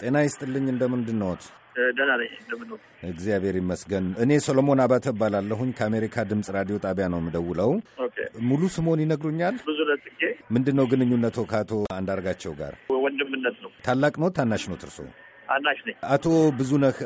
ጤና ይስጥልኝ። እንደምንድን ነዎት? ደህና ነኝ። እግዚአብሔር ይመስገን። እኔ ሰሎሞን አባተ እባላለሁኝ ከአሜሪካ ድምፅ ራዲዮ ጣቢያ ነው የምደውለው። ሙሉ ስሞን ይነግሩኛል? ብዙ ነጽጌ። ምንድን ነው ግንኙነቶ ከአቶ አንዳርጋቸው ጋር? ወንድምነት ነው። ታላቅ ኖት ታናሽ ኖት? እርሶ አናሽ ነኝ። አቶ ነህ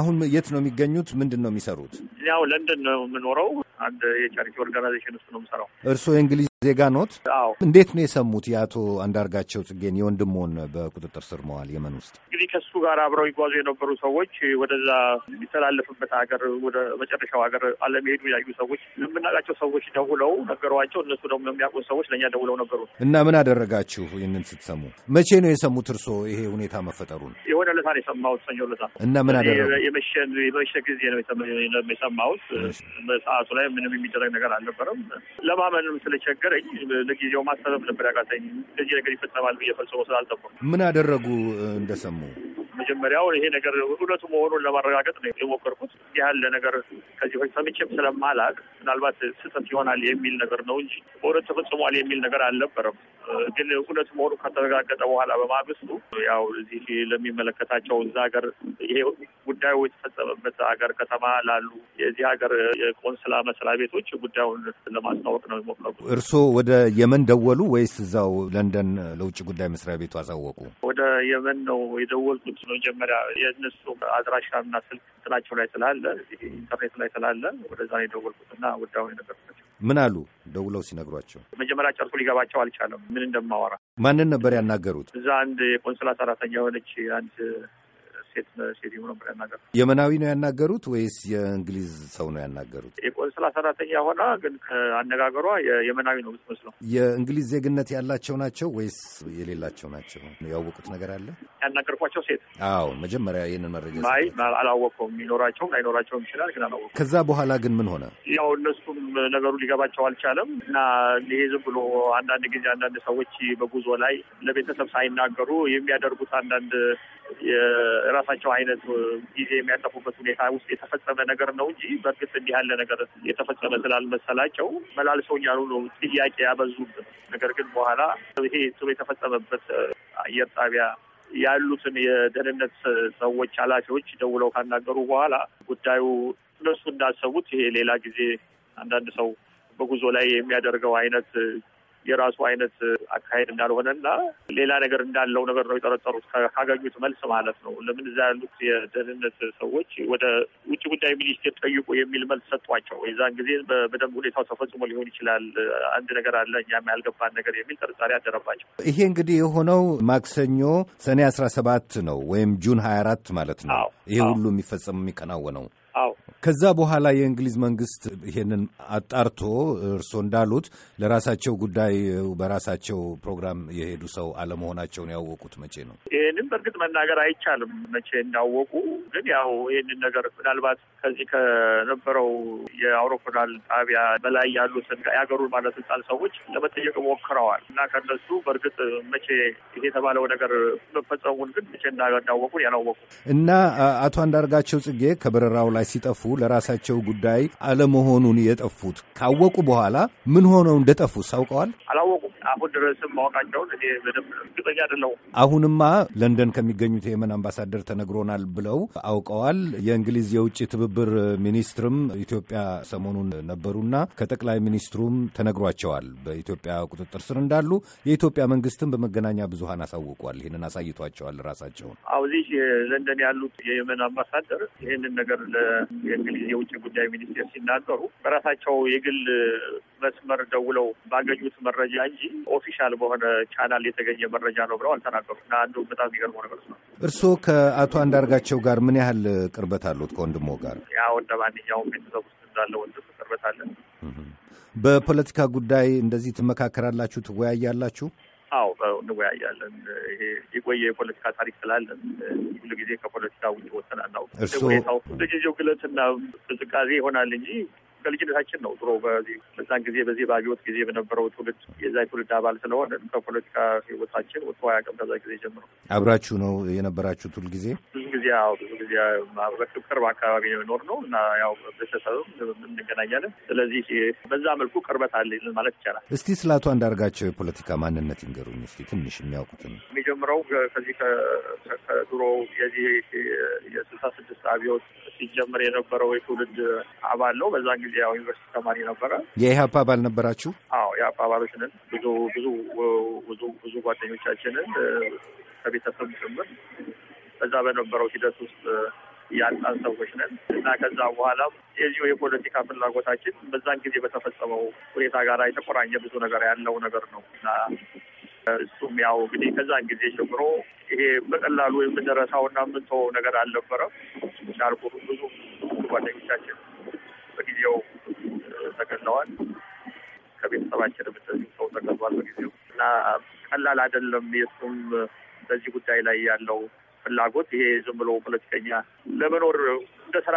አሁን የት ነው የሚገኙት? ምንድን ነው የሚሰሩት? ያው ለንደን ነው የምኖረው አንድ የቻሪቲ ኦርጋናይዜሽን ውስጥ ነው የምሰራው። እርስዎ የእንግሊዝ ዜጋ ኖት? አዎ። እንዴት ነው የሰሙት የአቶ አንዳርጋቸው ጽጌን የወንድሞን በቁጥጥር ስር መዋል የመን ውስጥ? እንግዲህ ከሱ ጋር አብረው ይጓዙ የነበሩ ሰዎች ወደዛ የሚተላለፍበት ሀገር ወደ መጨረሻው ሀገር አለመሄዱ ያዩ ሰዎች የምናውቃቸው ሰዎች ደውለው ነገሯቸው። እነሱ ደግሞ የሚያውቁ ሰዎች ለእኛ ደውለው ነበሩ። እና ምን አደረጋችሁ? ይህንን ስትሰሙ መቼ ነው የሰሙት እርስዎ ይሄ ሁኔታ መፈጠሩን? የሆነ ለታ ነው የሰማሁት፣ ሰኞ ለታ እና ምን አደረጉ? የመሸ ጊዜ ነው የሰማሁት። በሰዓቱ ላይ ምንም የሚደረግ ነገር አልነበረም። ለማመንም ስለቸገረኝ ለጊዜው ማሰብ ነበር ያቃተኝ። እንደዚህ ነገር ይፈጸማል ብዬ ፈጽሞ ምን አደረጉ እንደሰሙ መጀመሪያው ይሄ ነገር እውነቱ መሆኑን ለማረጋገጥ ነው የሞከርኩት። ያለ ነገር ከዚህ በፊት ሰምቼም ስለማላቅ ምናልባት ስህተት ይሆናል የሚል ነገር ነው እንጂ በእውነት ተፈጽሟል የሚል ነገር አልነበረም። ግን እውነቱ መሆኑ ከተረጋገጠ በኋላ በማግስቱ ያው እዚህ ለሚመለከታቸው እዛ ሀገር ይሄ ጉዳዩ የተፈጸመበት ሀገር ከተማ ላሉ የዚህ ሀገር የቆንስላ መስሪያ ቤቶች ጉዳዩን ለማስታወቅ ነው የሞከሩ። እርስዎ ወደ የመን ደወሉ ወይስ እዛው ለንደን ለውጭ ጉዳይ መስሪያ ቤቱ አሳወቁ? ወደ የመን ነው የደወልኩት። መጀመሪያ የእነሱ አድራሻና ስልክ ጥላቸው ላይ ስላለ ኢንተርኔት ላይ ስላለ ወደዛ ነው የደወልኩትና ወዳሁን የነገርኳቸው። ምን አሉ ደውለው ሲነግሯቸው? መጀመሪያ ጨርሶ ሊገባቸው አልቻለም፣ ምን እንደማወራ። ማንን ነበር ያናገሩት? እዛ አንድ የቆንስላ ሰራተኛ የሆነች አንድ ሴት ነበር ያናገሩት። የመናዊ ነው ያናገሩት ወይስ የእንግሊዝ ሰው ነው ያናገሩት? የቆንስላ ሰራተኛ ሆና ግን ከአነጋገሯ የመናዊ ነው የምትመስለው። የእንግሊዝ ዜግነት ያላቸው ናቸው ወይስ የሌላቸው ናቸው? ያወቁት ነገር አለ? ያናገርኳቸው ሴት አዎ፣ መጀመሪያ ይህንን መረጃ ይ አላወቅኩም። ይኖራቸውም ላይኖራቸውም ይችላል፣ ግን አላወቀ ከዛ በኋላ ግን ምን ሆነ? ያው እነሱም ነገሩ ሊገባቸው አልቻለም እና ይሄ ዝም ብሎ አንዳንድ ጊዜ አንዳንድ ሰዎች በጉዞ ላይ ለቤተሰብ ሳይናገሩ የሚያደርጉት አንዳንድ የራሳቸው አይነት ጊዜ የሚያጠፉበት ሁኔታ ውስጥ የተፈጸመ ነገር ነው እንጂ በእርግጥ እንዲህ ያለ ነገር የተፈጸመ ስላልመሰላቸው መላልሰውኛሉ ነው ጥያቄ ያበዙበት። ነገር ግን በኋላ ይሄ ስሩ የተፈጸመበት አየር ጣቢያ ያሉትን የደህንነት ሰዎች ኃላፊዎች ደውለው ካናገሩ በኋላ ጉዳዩ እነሱ እንዳሰቡት ይሄ ሌላ ጊዜ አንዳንድ ሰው በጉዞ ላይ የሚያደርገው አይነት የራሱ አይነት አካሄድ እንዳልሆነ እና ሌላ ነገር እንዳለው ነገር ነው የጠረጠሩት ካገኙት መልስ ማለት ነው። ለምን እዛ ያሉት የደህንነት ሰዎች ወደ ውጭ ጉዳይ ሚኒስቴር ጠይቁ የሚል መልስ ሰጧቸው። የዛን ጊዜ በደንብ ሁኔታው ተፈጽሞ ሊሆን ይችላል፣ አንድ ነገር አለ እኛም ያልገባን ነገር የሚል ጥርጣሬ አደረባቸው። ይሄ እንግዲህ የሆነው ማክሰኞ ሰኔ አስራ ሰባት ነው ወይም ጁን ሀያ አራት ማለት ነው። ይሄ ሁሉ የሚፈጸም የሚከናወነው አዎ ከዛ በኋላ የእንግሊዝ መንግስት ይሄንን አጣርቶ እርስዎ እንዳሉት ለራሳቸው ጉዳይ በራሳቸው ፕሮግራም የሄዱ ሰው አለመሆናቸውን ያወቁት መቼ ነው? ይህንን በእርግጥ መናገር አይቻልም መቼ እንዳወቁ። ግን ያው ይህንን ነገር ምናልባት ከዚህ ከነበረው የአውሮፕላን ጣቢያ በላይ ያሉትን የሀገሩን ባለስልጣን ሰዎች ለመጠየቅ ሞክረዋል እና ከነሱ በእርግጥ መቼ የተባለው ነገር መፈጸሙን ግን መቼ እንዳወቁ ያላወቁ እና አቶ አንዳርጋቸው ጽጌ ከበረራው ላይ ሲጠፉ ለራሳቸው ጉዳይ አለመሆኑን የጠፉት ካወቁ በኋላ ምን ሆነው እንደጠፉት ሳውቀዋል? አላወቁም። አሁን ድረስም ማወቃቸውን እኔ በደንብ እርግጠኛ አይደለሁም። አሁንማ ለንደን ከሚገኙት የየመን አምባሳደር ተነግሮናል ብለው አውቀዋል። የእንግሊዝ የውጭ ትብብር ሚኒስትርም ኢትዮጵያ ሰሞኑን ነበሩና ከጠቅላይ ሚኒስትሩም ተነግሯቸዋል በኢትዮጵያ ቁጥጥር ስር እንዳሉ። የኢትዮጵያ መንግስትም በመገናኛ ብዙሀን አሳውቋል። ይህንን አሳይቷቸዋል ራሳቸውን። እዚህ ለንደን ያሉት የየመን አምባሳደር ይህንን ነገር እንግዲህ የውጭ ጉዳይ ሚኒስቴር ሲናገሩ በራሳቸው የግል መስመር ደውለው ባገኙት መረጃ እንጂ ኦፊሻል በሆነ ቻናል የተገኘ መረጃ ነው ብለው አልተናገሩ እና አንዱ በጣም የሚገርመው ነገር ነው። እርስዎ ከአቶ አንዳርጋቸው ጋር ምን ያህል ቅርበት አሉት? ከወንድሞ ጋር ያው እንደ ማንኛውም ቤተሰብ ውስጥ እንዳለ ወንድም ቅርበት አለን። በፖለቲካ ጉዳይ እንደዚህ ትመካከራላችሁ፣ ትወያያላችሁ? አዎ እንወያያለን። የቆየ የፖለቲካ ታሪክ ስላለን ሁሉ ጊዜ ከፖለቲካ ውጭ ወሰን አናውቅም። ሁኔታው ለጊዜው ግለጽና ቅዝቃዜ ይሆናል እንጂ ከልጅነታችን ነው ድሮ በዚህ በዛን ጊዜ በዚህ በአብዮት ጊዜ በነበረው ትውልድ የዛ ትውልድ አባል ስለሆነ ከፖለቲካ ህይወታችን ወጥቶ አያውቅም። ከዛ ጊዜ ጀምሮ አብራችሁ ነው የነበራችሁት ሁል ጊዜ ብዙ ጊዜ ያው ብዙ ጊዜ ቅርብ አካባቢ ነው ነው እና ያው ቤተሰብም እንገናኛለን። ስለዚህ በዛ መልኩ ቅርበት አለ ማለት ይቻላል። እስቲ ስለ አቶ አንዳርጋቸው የፖለቲካ ማንነት ይንገሩኝ እስቲ ትንሽ የሚያውቁትን። የሚጀምረው ከዚህ ከድሮ የዚህ የስልሳ ስድስት አብዮት ሲጀምር የነበረው የትውልድ አባል ነው። በዛን ጊዜ ያው ዩኒቨርሲቲ ተማሪ ነበረ። የኢህአፓ አባል ነበራችሁ? አዎ የኢህአፓ አባሎች ነን። ብዙ ብዙ ብዙ ብዙ ጓደኞቻችንን ከቤተሰብ ጭምር በዛ በነበረው ሂደት ውስጥ ያጣን ሰዎች ነን እና ከዛ በኋላም የዚሁ የፖለቲካ ፍላጎታችን በዛን ጊዜ በተፈጸመው ሁኔታ ጋር የተቆራኘ ብዙ ነገር ያለው ነገር ነው እና እሱም ያው እንግዲህ ከዛን ጊዜ ጀምሮ ይሄ በቀላሉ የምንረሳውና የምንተወው ነገር አልነበረም። እንዳልኩ ብዙ ጓደኞቻችን በጊዜው ተገለዋል። ከቤተሰባችን የምትዚሁ ሰው ተገሏል በጊዜው እና ቀላል አይደለም። የእሱም በዚህ ጉዳይ ላይ ያለው ፍላጎት ይሄ ዝም ብሎ ፖለቲከኛ ለመኖር እንደ ስራ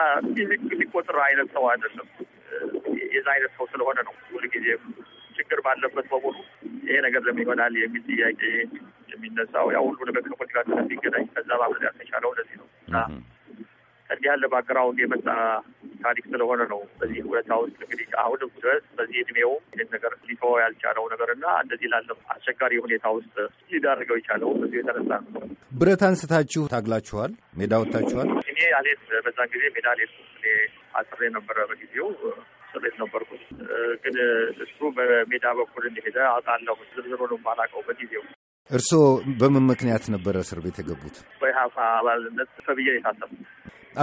የሚቆጥር አይነት ሰው አይደለም። የዛ አይነት ሰው ስለሆነ ነው ሁልጊዜም ችግር ባለበት በሙሉ ይሄ ነገር ለምን ይሆናል የሚል ጥያቄ የሚነሳው ያው ሁሉ ነገር ከፖለቲካ ስለሚገናኝ ከዛ ማምለጥ ያልተቻለው ለዚህ ነው እና እንዲህ ያለ ባክግራውንድ የመጣ ታሪክ ስለሆነ ነው። በዚህ ሁለታ ውስጥ እንግዲህ አሁንም ድረስ በዚህ እድሜው ይህን ነገር ሊተወ ያልቻለው ነገር እና እንደዚህ ላለም አስቸጋሪ ሁኔታ ውስጥ ሊዳርገው የቻለው ብዙ የተነሳ ነው። ብረት አንስታችሁ ታግላችኋል፣ ሜዳ ወጥታችኋል። እኔ አሌት በዛን ጊዜ ሜዳ አሌት አስሬ ነበረ በጊዜው ትምህርት ቤት ነበርኩት። ግን እሱ በሜዳ በኩል እንደሄደ አውቃለሁ። ዝርዝሩንም ባላውቀው በጊዜው እርስዎ በምን ምክንያት ነበረ እስር ቤት የገቡት? በኢህአፓ አባልነት ተብዬ የታሰብኩት።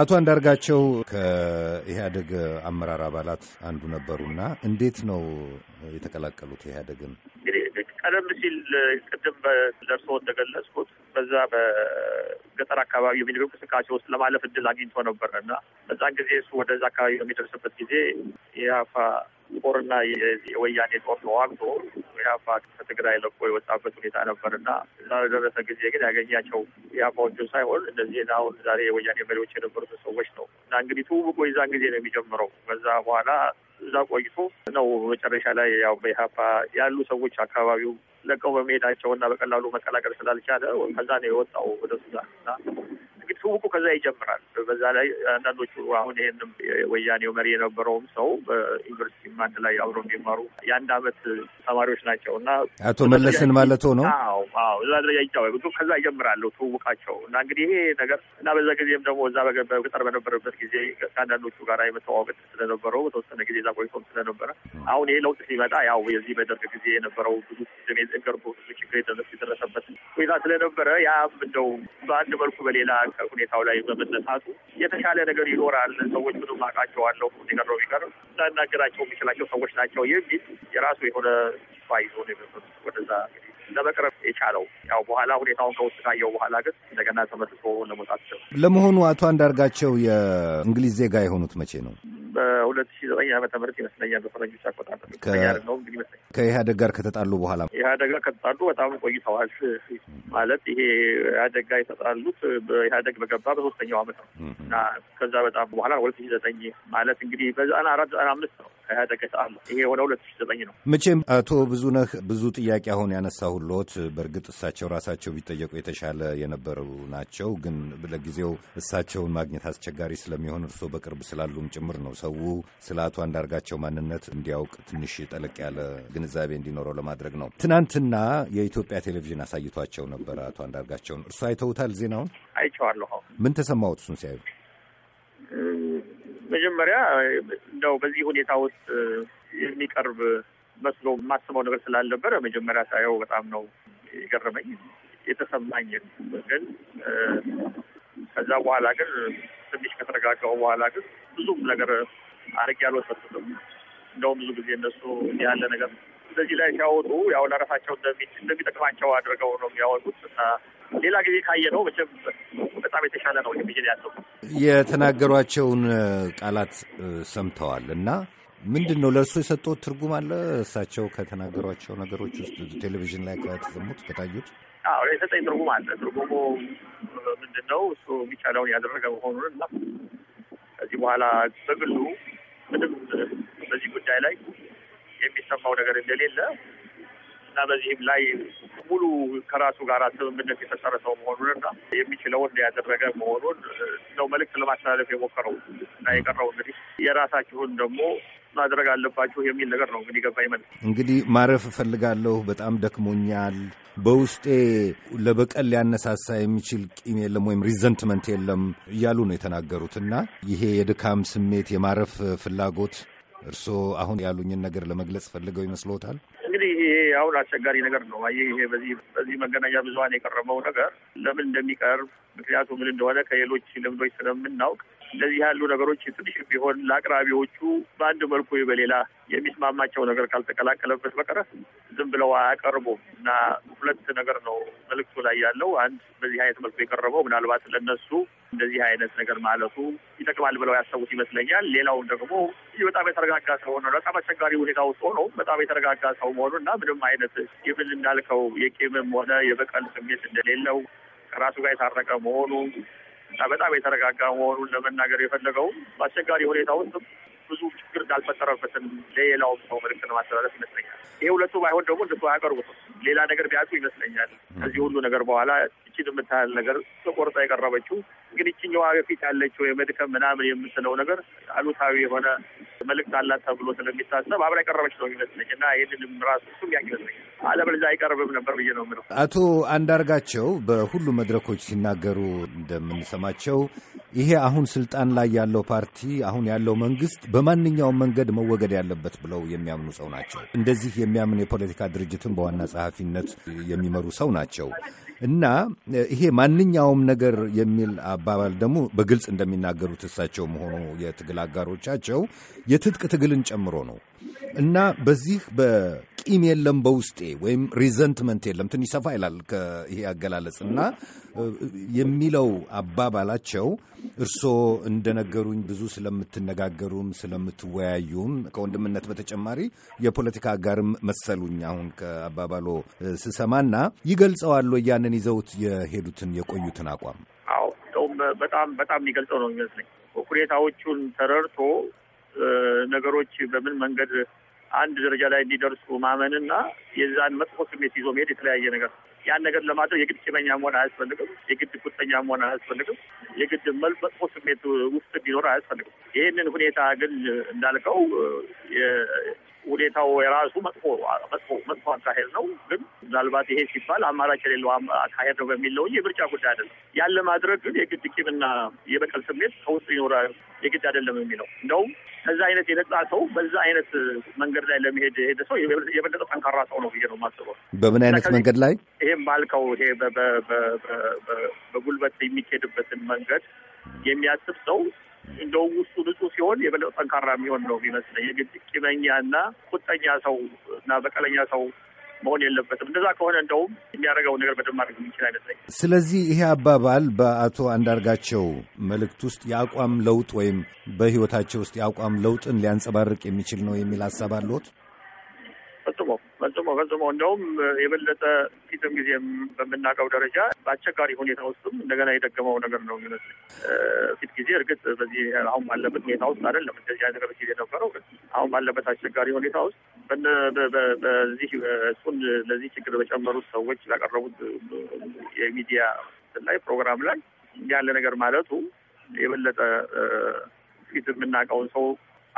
አቶ አንዳርጋቸው ከኢህአደግ አመራር አባላት አንዱ ነበሩና እንዴት ነው የተቀላቀሉት ኢህአደግን? እንግዲህ ቀደም ሲል ቅድም ለእርስዎ እንደገለጽኩት በዛ በገጠር አካባቢ የሚደረጉ እንቅስቃሴ ውስጥ ለማለፍ እድል አግኝቶ ነበር እና በዛን ጊዜ እሱ ወደዛ አካባቢ በሚደርስበት ጊዜ የአፋ ጦርና የወያኔ ጦር ተዋግቶ የአፋ ከትግራይ ለቆ የወጣበት ሁኔታ ነበር እና እዛ በደረሰ ጊዜ ግን ያገኛቸው የአፋዎቹ ሳይሆን እነዚህ አሁን ዛሬ የወያኔ መሪዎች የነበሩት ሰዎች ነው እና እንግዲህ ትውውቁ የዛን ጊዜ ነው የሚጀምረው። በዛ በኋላ እዛ ቆይቶ ነው መጨረሻ ላይ ያው በኢህአፓ ያሉ ሰዎች አካባቢው ለቀው በመሄዳቸው እና በቀላሉ መቀላቀል ስላልቻለ ከዛ ነው የወጣው ወደ ሱዳን እና እንግዲህ ትውቁ ከዛ ይጀምራል። በዛ ላይ አንዳንዶቹ አሁን ይህንም ወያኔው መሪ የነበረውም ሰው በዩኒቨርሲቲ አንድ ላይ አብሮ የሚማሩ የአንድ አመት ተማሪዎች ናቸው እና አቶ መለስን ማለቶ ነው። አዎ አዎ፣ እዛ ደረጃ ይጫወ ከዛ ይጀምራለሁ ትውቃቸው እና እንግዲህ ይሄ ነገር እና በዛ ጊዜም ደግሞ እዛ በገጠር በነበረበት ጊዜ ከአንዳንዶቹ ጋር የመተዋወቅ ስለነበረው በተወሰነ ጊዜ እዛ ቆይቶም ስለነበረ አሁን ይሄ ለውጥ ሲመጣ ያው የዚህ በደርግ ጊዜ የነበረው ብዙ ሜገርቦ ችግር የደረሰበት ሁኔታ ስለነበረ ያ እንደው በአንድ መልኩ በሌላ ከሁኔታው ላይ በመነሳቱ የተሻለ ነገር ይኖራል። ሰዎች ምንም አውቃቸዋለሁ ሊቀረው ቢቀር ላናገራቸው የሚችላቸው ሰዎች ናቸው የሚል የራሱ የሆነ ተስፋ ይዞ ነው ወደዛ ለመቅረብ የቻለው ያው በኋላ ሁኔታውን ከውስጥ ካየው በኋላ ግን እንደገና ተመልሶ ለመውጣት ለመሆኑ አቶ አንዳርጋቸው የእንግሊዝ ዜጋ የሆኑት መቼ ነው? ሁለት ሺ ዘጠኝ ዓመተ ምህረት ይመስለኛል በፈረንጆች አቆጣጠር ያለው እንግዲህ ይመስለኛል ከኢህአደግ ጋር ከተጣሉ በኋላ ኢህአደግ ጋር ከተጣሉ በጣም ቆይተዋል። ማለት ይሄ ኢህአደግ ጋር የተጣሉት በኢህአደግ በገባ በሶስተኛው አመት ነው እና ከዛ በጣም በኋላ ሁለት ሺ ዘጠኝ ማለት እንግዲህ በዘጠና አራት ዘጠና አምስት ነው ከኢህአደግ የተጣሉ ይሄ ወደ ሁለት ሺ ዘጠኝ ነው። መቼም አቶ ብዙ ነህ ብዙ ጥያቄ አሁን ያነሳ ሁሎት በእርግጥ እሳቸው ራሳቸው ቢጠየቁ የተሻለ የነበሩ ናቸው። ግን ለጊዜው እሳቸውን ማግኘት አስቸጋሪ ስለሚሆን እርስዎ በቅርብ ስላሉም ጭምር ነው ሰው ስለ አቶ አንዳርጋቸው ማንነት እንዲያውቅ ትንሽ ጠለቅ ያለ ግንዛቤ እንዲኖረው ለማድረግ ነው። ትናንትና የኢትዮጵያ ቴሌቪዥን አሳይቷቸው ነበር አቶ አንዳርጋቸውን። እርሱ አይተውታል? ዜናውን አይቼዋለሁ። ምን ተሰማዎት እሱን ሲያዩ? መጀመሪያ እንደው በዚህ ሁኔታ ውስጥ የሚቀርብ መስሎ የማስበው ነገር ስላልነበረ መጀመሪያ ሳየው በጣም ነው የገረመኝ የተሰማኝ ግን ከዛ በኋላ ግን ትንሽ ከተረጋጋው በኋላ ግን ብዙም ነገር አርግ ያልወሰድኩትም እንደውም ብዙ ጊዜ እነሱ ያለ ነገር እንደዚህ ላይ ሲያወጡ ያው ለራሳቸው እንደሚጠቅማቸው አድርገው ነው የሚያወጡት እና ሌላ ጊዜ ካየ ነው መቼም በጣም የተሻለ ነው ብዬ ያለው የተናገሯቸውን ቃላት ሰምተዋል እና ምንድን ነው ለእርሱ የሰጡት ትርጉም አለ? እሳቸው ከተናገሯቸው ነገሮች ውስጥ ቴሌቪዥን ላይ ከተሰሙት ከታዩት የሰጠኝ ትርጉም አለ። ትርጉሙ ምንድን ነው? እሱ የሚቻለውን ያደረገ መሆኑን እና ከዚህ በኋላ በግሉ ምንም በዚህ ጉዳይ ላይ የሚሰማው ነገር እንደሌለ እና በዚህም ላይ ሙሉ ከራሱ ጋር ስምምነት የተሰረሰው መሆኑንና የሚችለውን ያደረገ መሆኑን ነው መልእክት ለማስተላለፍ የሞከረው እና የቀረው እንግዲህ የራሳችሁን ደግሞ ማድረግ አለባችሁ የሚል ነገር ነው እንግዲህ ገባ ይመል እንግዲህ ማረፍ እፈልጋለሁ፣ በጣም ደክሞኛል፣ በውስጤ ለበቀል ሊያነሳሳ የሚችል ቂም የለም ወይም ሪዘንትመንት የለም እያሉ ነው የተናገሩት እና ይሄ የድካም ስሜት የማረፍ ፍላጎት እርስዎ አሁን ያሉኝን ነገር ለመግለጽ ፈልገው ይመስሎታል? እንግዲህ ይሄ አሁን አስቸጋሪ ነገር ነው። አየህ ይሄ በዚህ በዚህ መገናኛ ብዙኃን የቀረበው ነገር ለምን እንደሚቀርብ ምክንያቱ ምን እንደሆነ ከሌሎች ልምዶች ስለምናውቅ እንደዚህ ያሉ ነገሮች ትንሽ ቢሆን ለአቅራቢዎቹ በአንድ መልኩ በሌላ የሚስማማቸው ነገር ካልተቀላቀለበት በቀረ ዝም ብለው አያቀርቡም እና ሁለት ነገር ነው መልእክቱ ላይ ያለው። አንድ በዚህ አይነት መልኩ የቀረበው ምናልባት ለነሱ እንደዚህ አይነት ነገር ማለቱ ይጠቅማል ብለው ያሰቡት ይመስለኛል። ሌላውን ደግሞ በጣም የተረጋጋ ሰው ነው። በጣም አስቸጋሪ ሁኔታ ውስጥ ሆኖ በጣም የተረጋጋ ሰው መሆኑ እና ምንም አይነት ይብል እንዳልከው የቂምም ሆነ የበቀል ስሜት እንደሌለው ከራሱ ጋር የታረቀ መሆኑ በጣም የተረጋጋ መሆኑን ለመናገር የፈለገው በአስቸጋሪ ሁኔታ ውስጥ ብዙ ችግር እንዳልፈጠረበትን ለሌላውም ሰው ምልክት ለማስተላለፍ ይመስለኛል። ይሄ ሁለቱ ባይሆን ደግሞ እንደሱ አያቀርቡትም። ሌላ ነገር ቢያጡ ይመስለኛል። ከዚህ ሁሉ ነገር በኋላ እችን የምታህል ነገር ተቆርጣ የቀረበችው ግን እችኛዋ በፊት ያለችው የመድከም ምናምን የምትለው ነገር አሉታዊ የሆነ መልእክት አላት ተብሎ ስለሚታሰብ አብራ የቀረበች ነው ይመስለኝ እና ይህንንም ራሱ እሱም ያ አለበለዚያ አይቀርብም ነበር ብዬ ነው የምለው። አቶ አንዳርጋቸው በሁሉ መድረኮች ሲናገሩ እንደምንሰማቸው ይሄ አሁን ስልጣን ላይ ያለው ፓርቲ አሁን ያለው መንግስት በማንኛውም መንገድ መወገድ ያለበት ብለው የሚያምኑ ሰው ናቸው። እንደዚህ የሚያምን የፖለቲካ ድርጅትን በዋና ጸሐፊነት የሚመሩ ሰው ናቸው። እና ይሄ ማንኛውም ነገር የሚል አባባል ደግሞ በግልጽ እንደሚናገሩት እሳቸው መሆኑ የትግል አጋሮቻቸው የትጥቅ ትግልን ጨምሮ ነው እና በዚህ በቂም የለም በውስጤ ወይም ሪዘንትመንት የለም ትንሽ ሰፋ ይላል ይሄ አገላለጽ እና የሚለው አባባላቸው እርስዎ እንደነገሩኝ ብዙ ስለምትነጋገሩም ስለምትወያዩም ከወንድምነት በተጨማሪ የፖለቲካ አጋርም መሰሉኝ አሁን ከአባባሎ ስሰማና ይገልጸዋል ወይ ያንን ይዘውት የሄዱትን የቆዩትን አቋም? አዎ እንደውም በጣም በጣም የሚገልጸው ነው የሚመስለኝ ሁኔታዎቹን ተረድቶ ነገሮች በምን መንገድ አንድ ደረጃ ላይ እንዲደርሱ ማመንና የዛን መጥፎ ስሜት ይዞ መሄድ የተለያየ ነገር። ያን ነገር ለማድረግ የግድ ቂመኛ መሆን አያስፈልግም። የግድ ቁጠኛ መሆን አያስፈልግም። የግድ መጥፎ ስሜት ውስጥ እንዲኖር አያስፈልግም። ይህንን ሁኔታ ግን እንዳልከው ሁኔታው የራሱ መጥፎ መጥፎ መጥፎ አካሄድ ነው። ግን ምናልባት ይሄ ሲባል አማራጭ የሌለው አካሄድ ነው በሚለው የምርጫ ጉዳይ አይደለም። ያለ ማድረግ ግን የግድ ቂምና የበቀል ስሜት ከውስጥ ይኖራል የግድ አይደለም የሚለው እንደውም ከዛ አይነት የነጻ ሰው በዛ አይነት መንገድ ላይ ለመሄድ ሄደ ሰው የበለጠ ጠንካራ ሰው ነው ብዬ ነው የማስበው። በምን አይነት መንገድ ላይ ይሄም ባልከው ይሄ በጉልበት የሚካሄድበትን መንገድ የሚያስብ ሰው እንደውም ውስጡ ንጹህ ሲሆን የበለጠ ጠንካራ የሚሆን ነው የሚመስለኝ። የግድ ቂመኛ ቁጠኛ ሰው እና በቀለኛ ሰው መሆን የለበትም። እንደዛ ከሆነ እንደውም የሚያደርገው ነገር በደንብ ማድረግ የሚችል አይመስለኝ። ስለዚህ ይሄ አባባል በአቶ አንዳርጋቸው መልእክት ውስጥ የአቋም ለውጥ ወይም በህይወታቸው ውስጥ የአቋም ለውጥን ሊያንጸባርቅ የሚችል ነው የሚል ሀሳብ አለዎት? ፈጽሞ ፈጽሞ ፈጽሞ እንደውም የበለጠ ፊትም ጊዜም በምናውቀው ደረጃ በአስቸጋሪ ሁኔታ ውስጥም እንደገና የደገመው ነገር ነው የሚመስለኝ። ፊት ጊዜ እርግጥ በዚህ አሁን ባለበት ሁኔታ ውስጥ አይደለም እንደዚህ አይነት ጊዜ የነበረው አሁን ባለበት አስቸጋሪ ሁኔታ ውስጥ በዚህ እሱን ለዚህ ችግር በጨመሩት ሰዎች ላቀረቡት የሚዲያ ላይ ፕሮግራም ላይ ያለ ነገር ማለቱ የበለጠ ፊት የምናውቀውን ሰው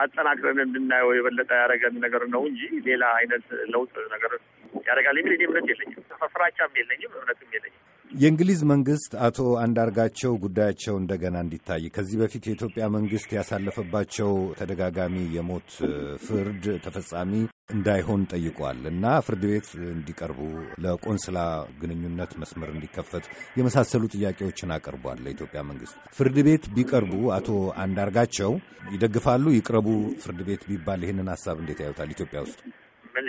አጠናክረን እንድናየው የበለጠ ያደረገን ነገር ነው እንጂ ሌላ አይነት ለውጥ ነገር ያደርጋል የሚል እኔ እምነት የለኝም። ፍራቻም የለኝም፣ እምነትም የለኝም። የእንግሊዝ መንግስት አቶ አንዳርጋቸው ጉዳያቸው እንደገና እንዲታይ ከዚህ በፊት የኢትዮጵያ መንግስት ያሳለፈባቸው ተደጋጋሚ የሞት ፍርድ ተፈጻሚ እንዳይሆን ጠይቋል እና ፍርድ ቤት እንዲቀርቡ ለቆንስላ ግንኙነት መስመር እንዲከፈት የመሳሰሉ ጥያቄዎችን አቅርቧል ለኢትዮጵያ መንግስት። ፍርድ ቤት ቢቀርቡ አቶ አንዳርጋቸው ይደግፋሉ? ይቅረቡ ፍርድ ቤት ቢባል ይህንን ሀሳብ እንዴት ያዩታል? ኢትዮጵያ ውስጥ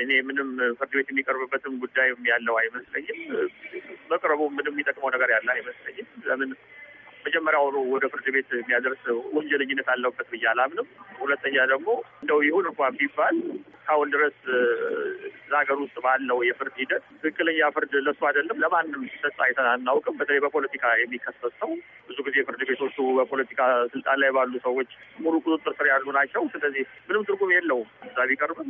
እኔ ምንም ፍርድ ቤት የሚቀርብበትም ጉዳይም ያለው አይመስለኝም። መቅረቡ ምንም የሚጠቅመው ነገር ያለ አይመስለኝም። ለምን መጀመሪያው ወደ ፍርድ ቤት የሚያደርስ ወንጀለኝነት አለበት ብዬ አላምንም። ሁለተኛ ደግሞ እንደው ይሁን እንኳ ቢባል እስካሁን ድረስ ሀገር ውስጥ ባለው የፍርድ ሂደት ትክክለኛ ፍርድ ለሱ አይደለም ለማንም ሲሰጥ አይተን አናውቅም። በተለይ በፖለቲካ የሚከሰት ሰው ብዙ ጊዜ ፍርድ ቤቶቹ በፖለቲካ ስልጣን ላይ ባሉ ሰዎች ሙሉ ቁጥጥር ስር ያሉ ናቸው። ስለዚህ ምንም ትርጉም የለውም። እዛ ቢቀርብም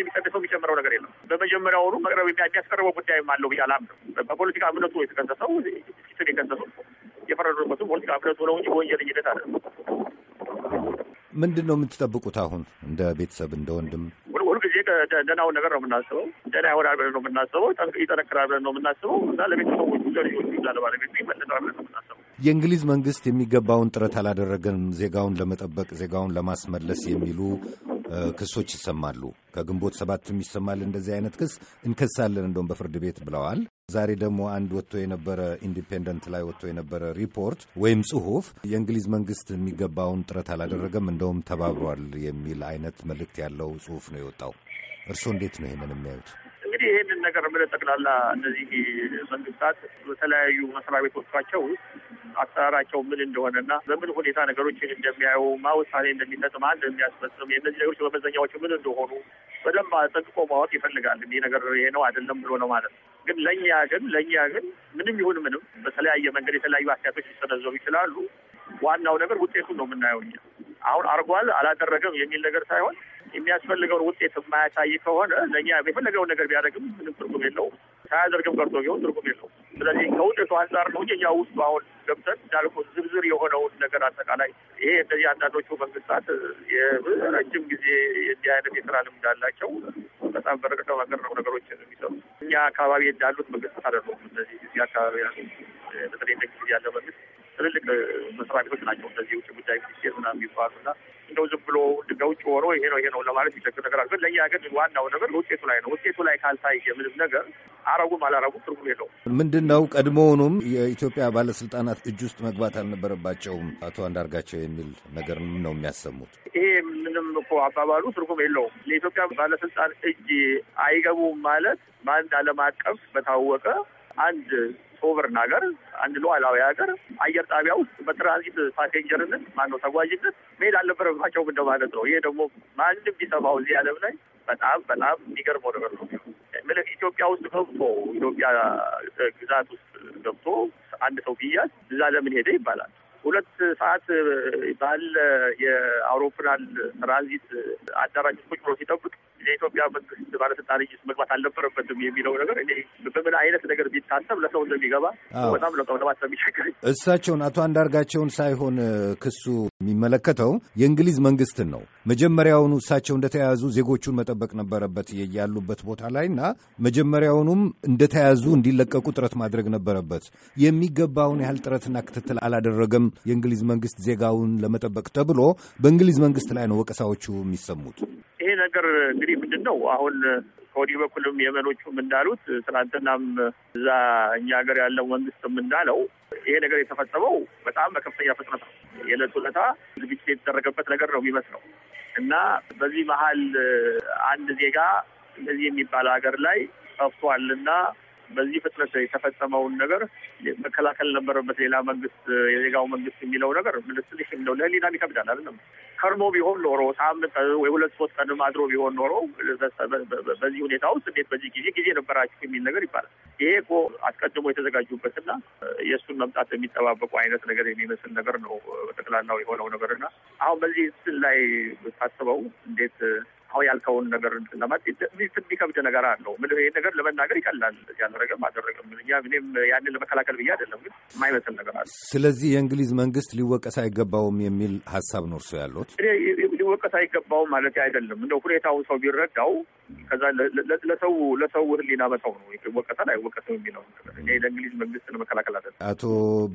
የሚቀንሰው የሚጨምረው ነገር የለም። በመጀመሪያውኑ መቅረብ የሚያስቀርበው ጉዳይም አለው ብዬ አላምንም። በፖለቲካ እምነቱ የተከሰሰው ፊትን የከሰሱ የፈረዱበትም ፖለቲካ እምነቱ ነው እንጂ ወንጀለኝነት አለ። ምንድን ነው የምትጠብቁት? አሁን እንደ ቤተሰብ እንደ ወንድም ጊዜ ደህናው ነገር ነው የምናስበው፣ ደህና ይሆናል ብለን ነው የምናስበው፣ ይጠነክራል ብለን ነው የምናስበው እና ለቤተሰቦቹ ለልጆቹ ላለባለቤቱ ይመለሳል ብለን ነው የምናስበው። የእንግሊዝ መንግስት የሚገባውን ጥረት አላደረገም ዜጋውን ለመጠበቅ ዜጋውን ለማስመለስ የሚሉ ክሶች ይሰማሉ። ከግንቦት ሰባትም ይሰማል እንደዚህ አይነት ክስ እንከሳለን እንደውም በፍርድ ቤት ብለዋል። ዛሬ ደግሞ አንድ ወጥቶ የነበረ ኢንዲፔንደንት ላይ ወጥቶ የነበረ ሪፖርት ወይም ጽሁፍ የእንግሊዝ መንግስት የሚገባውን ጥረት አላደረገም እንደውም ተባብሯል የሚል አይነት መልእክት ያለው ጽሁፍ ነው የወጣው። እርስዎ እንዴት ነው ይህንን የሚያዩት? እንግዲህ ይህንን ነገር ምለ ጠቅላላ እነዚህ መንግስታት በተለያዩ መስሪያ ቤቶቻቸው አሰራራቸው ምን እንደሆነና በምን ሁኔታ ነገሮችን እንደሚያዩ ማ ውሳኔ እንደሚሰጥ ማ እንደሚያስፈጽም የእነዚህ ነገሮች በመዘኛዎች ምን እንደሆኑ በደንብ አጠንቅቆ ማወቅ ይፈልጋል። ይህ ነገር ይሄ ነው አይደለም ብሎ ነው ማለት ነው። ግን ለእኛ ግን ለእኛ ግን ምንም ይሁን ምንም በተለያየ መንገድ የተለያዩ አስተያየቶች ሊሰነዘሩ ይችላሉ። ዋናው ነገር ውጤቱን ነው የምናየው እኛ አሁን አርጓል አላደረገም የሚል ነገር ሳይሆን የሚያስፈልገውን ውጤት የማያሳይ ከሆነ ለእኛ የፈለገውን ነገር ቢያደርግም ምንም ትርጉም የለውም። ሳያደርግም ቀርቶ ቢሆን ትርጉም የለውም። ስለዚህ ከውጤቱ አንጻር ነው እኛ ውስጡ አሁን ገብተን እንዳልኩ ዝርዝር የሆነውን ነገር አጠቃላይ ይሄ እነዚህ አንዳንዶቹ መንግስታት የረጅም ጊዜ የዚህ አይነት የስራ ልምድ አላቸው። በጣም በረቀቀው ሀገር ነው ነገሮችን የሚሰሩ እኛ አካባቢ እንዳሉት መንግስታት አይደሉም። እነዚህ እዚህ አካባቢ ያሉ በተለይ ጊዜ ያለ መንግስት ትልልቅ መስሪያ ቤቶች ናቸው። እንደዚህ ውጭ ጉዳይ ሚኒስቴር ምናምን የሚባሉና እንደው ዝም ብሎ ከውጭ ሆኖ ይሄ ነው ይሄ ነው ለማለት የሚቸግር ነገር አለ። ለእኛ ግን ዋናው ነገር ውጤቱ ላይ ነው። ውጤቱ ላይ ካልታየ ምንም ነገር አረጉም አላረጉም ትርጉም የለው። ምንድን ነው ቀድሞውኑም የኢትዮጵያ ባለስልጣናት እጅ ውስጥ መግባት አልነበረባቸውም አቶ አንዳርጋቸው የሚል ነገር ነው የሚያሰሙት። ይሄ ምንም እኮ አባባሉ ትርጉም የለውም። ለኢትዮጵያ ባለስልጣን እጅ አይገቡም ማለት በአንድ ዓለም አቀፍ በታወቀ አንድ ሶቨርን ሀገር፣ አንድ ሉዓላዊ ሀገር አየር ጣቢያ ውስጥ በትራንዚት ፓሴንጀርነት ማነው ተጓዥነት መሄድ አልነበረባቸውም ማለት ነው። ይሄ ደግሞ ማንም ቢሰማው እዚህ ዓለም ላይ በጣም በጣም የሚገርመው ነገር ነው። ምልክ ኢትዮጵያ ውስጥ ገብቶ ኢትዮጵያ ግዛት ውስጥ ገብቶ አንድ ሰው ቢያዝ እዛ ለምን ሄደ ይባላል። ሁለት ሰዓት ባለ የአውሮፕላን ትራንዚት አዳራሽ ቁጭ ብሎ ሲጠብቅ የኢትዮጵያ መንግስት ባለስልጣን እጅ መግባት አልነበረበትም የሚለው ነገር እኔ በምን አይነት ነገር ቢታሰብ ለሰው እንደሚገባ በጣም ለቀውለባት ስለሚቸግረኝ እሳቸውን አቶ አንዳርጋቸውን ሳይሆን ክሱ የሚመለከተው የእንግሊዝ መንግስትን ነው። መጀመሪያውኑ እሳቸው እንደተያዙ ዜጎቹን መጠበቅ ነበረበት ያሉበት ቦታ ላይ እና መጀመሪያውኑም እንደተያዙ እንዲለቀቁ ጥረት ማድረግ ነበረበት። የሚገባውን ያህል ጥረትና ክትትል አላደረገም የእንግሊዝ መንግስት ዜጋውን ለመጠበቅ ተብሎ በእንግሊዝ መንግስት ላይ ነው ወቀሳዎቹ የሚሰሙት። ይሄ ነገር እንግዲህ ምንድን ነው አሁን ከወዲህ በኩልም የመኖቹም እንዳሉት ትናንትናም እዛ እኛ ሀገር ያለው መንግስትም እንዳለው ይሄ ነገር የተፈጸመው በጣም በከፍተኛ ፍጥነት ነው። የዕለት ሁለታ ዝግጅት የተደረገበት ነገር ነው የሚመስለው እና በዚህ መሀል አንድ ዜጋ እንደዚህ የሚባል ሀገር ላይ ጠፍቷልና በዚህ ፍጥነት የተፈጸመውን ነገር መከላከል ነበረበት ሌላ መንግስት፣ የዜጋው መንግስት የሚለው ነገር ምንስልሽ እንደው ለህሊናም ይከብዳል አይደለም። ከርሞ ቢሆን ኖሮ ሳምንት ወይ ሁለት ሶስት ቀንም አድሮ ቢሆን ኖሮ በዚህ ሁኔታ ውስጥ እንዴት በዚህ ጊዜ ጊዜ ነበራችሁ የሚል ነገር ይባላል። ይሄ እኮ አስቀድሞ የተዘጋጁበትና የእሱን መምጣት የሚጠባበቁ አይነት ነገር የሚመስል ነገር ነው በጠቅላላው የሆነው ነገርና አሁን በዚህ ስል ላይ ታስበው እንዴት አሁን ያልከውን ነገር ለማለት የሚከብድ ነገር አለው። ምን ይህን ነገር ለመናገር ይቀላል። ያደረገም አደረገም እኔም ያንን ለመከላከል ብዬ አይደለም፣ ግን የማይመስል ነገር አለ። ስለዚህ የእንግሊዝ መንግስት ሊወቀስ አይገባውም የሚል ሀሳብ ነው እርሶ ያለት? ሊወቀስ አይገባውም ማለት አይደለም። እንደ ሁኔታውን ሰው ቢረዳው ከዛ ለሰው ለሰው ህሊና መተው ነው ይወቀሳል አይወቀስም የሚለው እኔ ለእንግሊዝ መንግስት ለመከላከል አለ። አቶ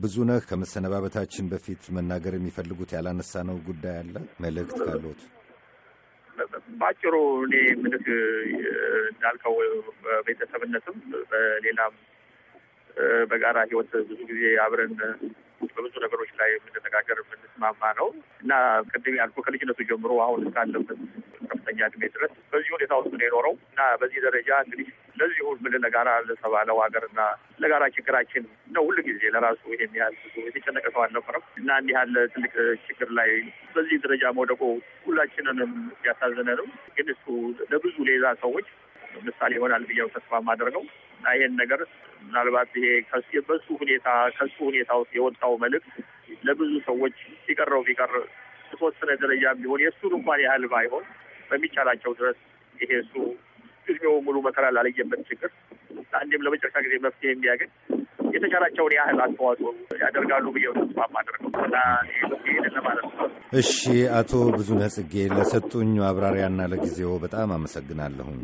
ብዙነህ ከመሰነባበታችን በፊት መናገር የሚፈልጉት ያላነሳ ነው ጉዳይ አለ መልእክት ካሉት ባጭሩ እኔ ምልክ እንዳልከው በቤተሰብነትም በሌላም በጋራ ህይወት ብዙ ጊዜ አብረን በብዙ ነገሮች ላይ የምንነጋገር የምንስማማ ነው እና ቅድም ያልኩ ከልጅነቱ ጀምሮ አሁን እስካለበት ከፍተኛ እድሜ ድረስ በዚህ ሁኔታ ውስጥ ነው የኖረው እና በዚህ ደረጃ እንግዲህ ለዚህ ምን ለጋራ ለተባለው ሀገርና ለጋራ ችግራችን ነው ሁሉ ጊዜ ለራሱ ይሄን ያህል ብዙ የተጨነቀ ሰው አልነበረም እና እንዲህ ያለ ትልቅ ችግር ላይ በዚህ ደረጃ መውደቁ ሁላችንንም ያሳዘነ ነው። ግን እሱ ለብዙ ሌላ ሰዎች ምሳሌ ይሆናል ብዬው ተስፋ ማደርገው እና ይሄን ነገር ምናልባት ይሄ በሱ ሁኔታ ከሱ ሁኔታ ውስጥ የወጣው መልእክት ለብዙ ሰዎች ሲቀረው ቢቀር የተወሰነ ደረጃ ቢሆን የእሱን እንኳን ያህል ባይሆን በሚቻላቸው ድረስ ይሄ እሱ እድሜው ሙሉ መከራ ላለየበት ችግር ለአንዴም ለመጨረሻ ጊዜ መፍትሄ የሚያገኝ የተቻላቸውን ያህል አስተዋጽኦ ያደርጋሉ ብዬ ተስፋ ማደርገው እና ለማለት ነው። እሺ፣ አቶ ብዙነህ ጽጌ ለሰጡኝ አብራሪያና ለጊዜው በጣም አመሰግናለሁኝ።